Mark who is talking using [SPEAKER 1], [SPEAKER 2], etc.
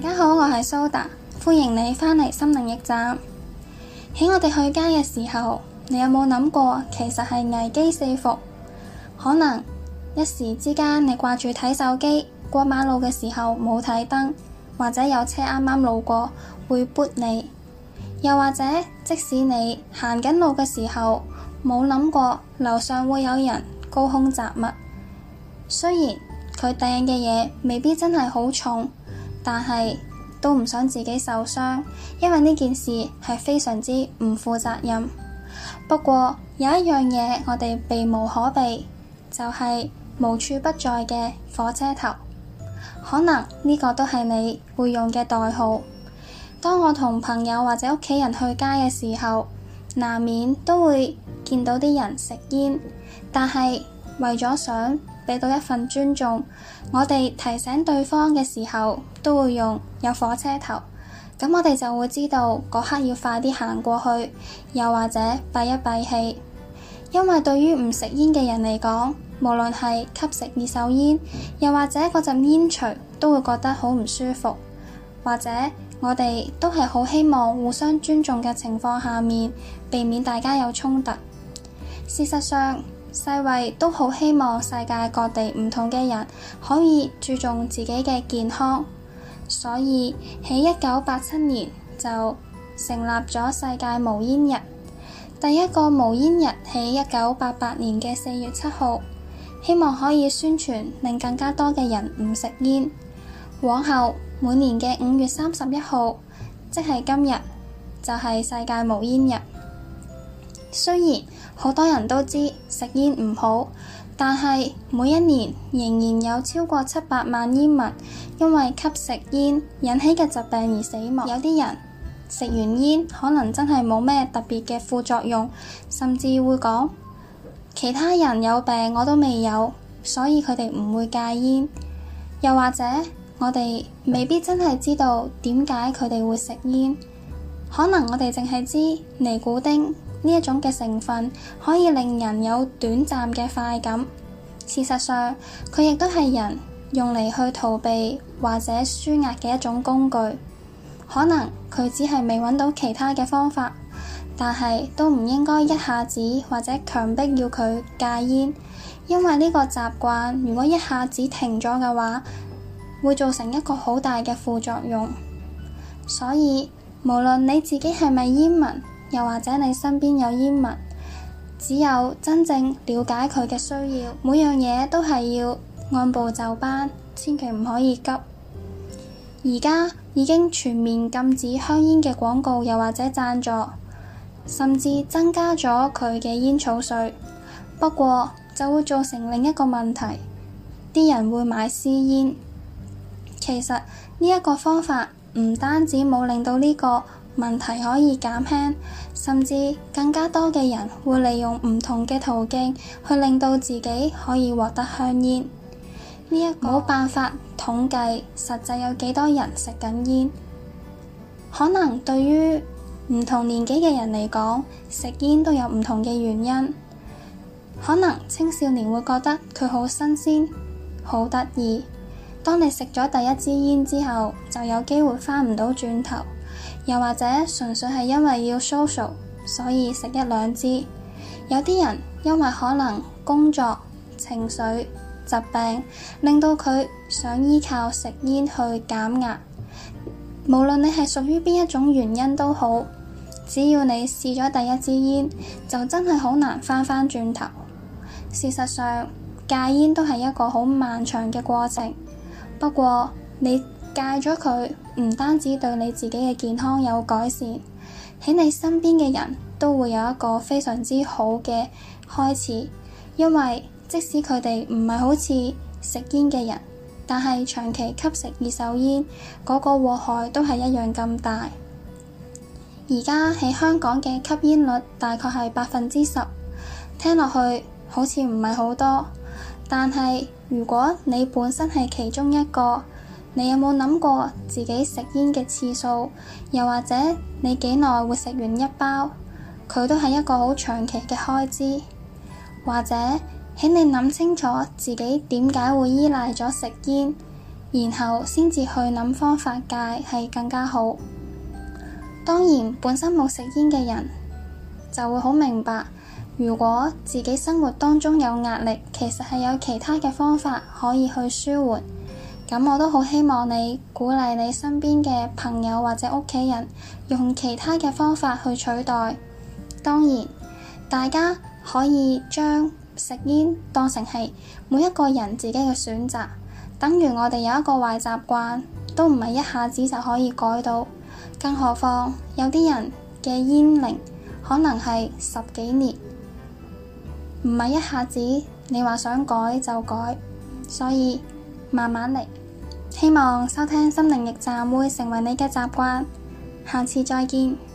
[SPEAKER 1] 大家好，我係蘇打，歡迎你返嚟心靈驛站。喺我哋去街嘅時候，你有冇諗過，其實係危機四伏？可能一時之間，你掛住睇手機，過馬路嘅時候冇睇燈，或者有車啱啱路過會撥你；又或者，即使你行緊路嘅時候冇諗過樓上會有人高空雜物，雖然佢掟嘅嘢未必真係好重。但係都唔想自己受傷，因為呢件事係非常之唔負責任。不過有一樣嘢我哋避無可避，就係無處不在嘅火車頭。可能呢個都係你會用嘅代號。當我同朋友或者屋企人去街嘅時候，難免都會見到啲人食煙，但係為咗想。俾到一份尊重，我哋提醒對方嘅時候，都會用有火車頭，咁我哋就會知道嗰刻要快啲行過去，又或者閉一閉氣，因為對於唔食煙嘅人嚟講，無論係吸食二手煙，又或者嗰陣煙除，都會覺得好唔舒服，或者我哋都係好希望互相尊重嘅情況下面，避免大家有衝突。事實上，世衛都好希望世界各地唔同嘅人可以注重自己嘅健康，所以喺一九八七年就成立咗世界無煙日。第一個無煙日喺一九八八年嘅四月七號，希望可以宣傳令更加多嘅人唔食煙。往後每年嘅五月三十一號，即係今日，就係世界無煙日。雖然好多人都知食煙唔好，但係每一年仍然有超過七百萬煙民因為吸食煙引起嘅疾病而死亡。有啲人食完煙可能真係冇咩特別嘅副作用，甚至會講其他人有病我都未有，所以佢哋唔會戒煙。又或者我哋未必真係知道點解佢哋會食煙，可能我哋淨係知尼古丁。呢一種嘅成分可以令人有短暫嘅快感。事實上，佢亦都係人用嚟去逃避或者舒壓嘅一種工具。可能佢只係未揾到其他嘅方法，但係都唔應該一下子或者強迫要佢戒煙，因為呢個習慣如果一下子停咗嘅話，會造成一個好大嘅副作用。所以，無論你自己係咪煙民，又或者你身邊有煙民，只有真正了解佢嘅需要，每樣嘢都係要按部就班，千祈唔可以急。而家已經全面禁止香煙嘅廣告，又或者贊助，甚至增加咗佢嘅煙草稅。不過就會造成另一個問題，啲人會買私煙。其實呢一個方法唔單止冇令到呢個問題可以減輕，甚至更加多嘅人會利用唔同嘅途徑去令到自己可以獲得香煙。呢一個辦法統計實際有幾多人食緊煙，可能對於唔同年紀嘅人嚟講，食煙都有唔同嘅原因。可能青少年會覺得佢好新鮮，好得意。當你食咗第一支煙之後，就有機會返唔到轉頭。又或者純粹係因為要 social，所以食一兩支。有啲人因為可能工作、情緒、疾病，令到佢想依靠食煙去減壓。無論你係屬於邊一種原因都好，只要你試咗第一支煙，就真係好難翻返轉頭。事實上，戒煙都係一個好漫長嘅過程。不過，你。戒咗佢，唔單止對你自己嘅健康有改善，喺你身邊嘅人都會有一個非常之好嘅開始。因為即使佢哋唔係好似食煙嘅人，但係長期吸食二手煙嗰個禍害都係一樣咁大。而家喺香港嘅吸煙率大概係百分之十，聽落去好似唔係好多，但係如果你本身係其中一個。你有冇諗過自己食煙嘅次數？又或者你幾耐會食完一包？佢都係一個好長期嘅開支，或者，請你諗清楚自己點解會依賴咗食煙，然後先至去諗方法戒係更加好。當然，本身冇食煙嘅人就會好明白，如果自己生活當中有壓力，其實係有其他嘅方法可以去舒緩。咁我都好希望你鼓勵你身邊嘅朋友或者屋企人，用其他嘅方法去取代。當然，大家可以將食煙當成係每一個人自己嘅選擇。等於我哋有一個壞習慣，都唔係一下子就可以改到，更何況有啲人嘅煙齡可能係十幾年，唔係一下子你話想改就改，所以。慢慢嚟，希望收聽心靈驛站會成為你嘅習慣。下次再見。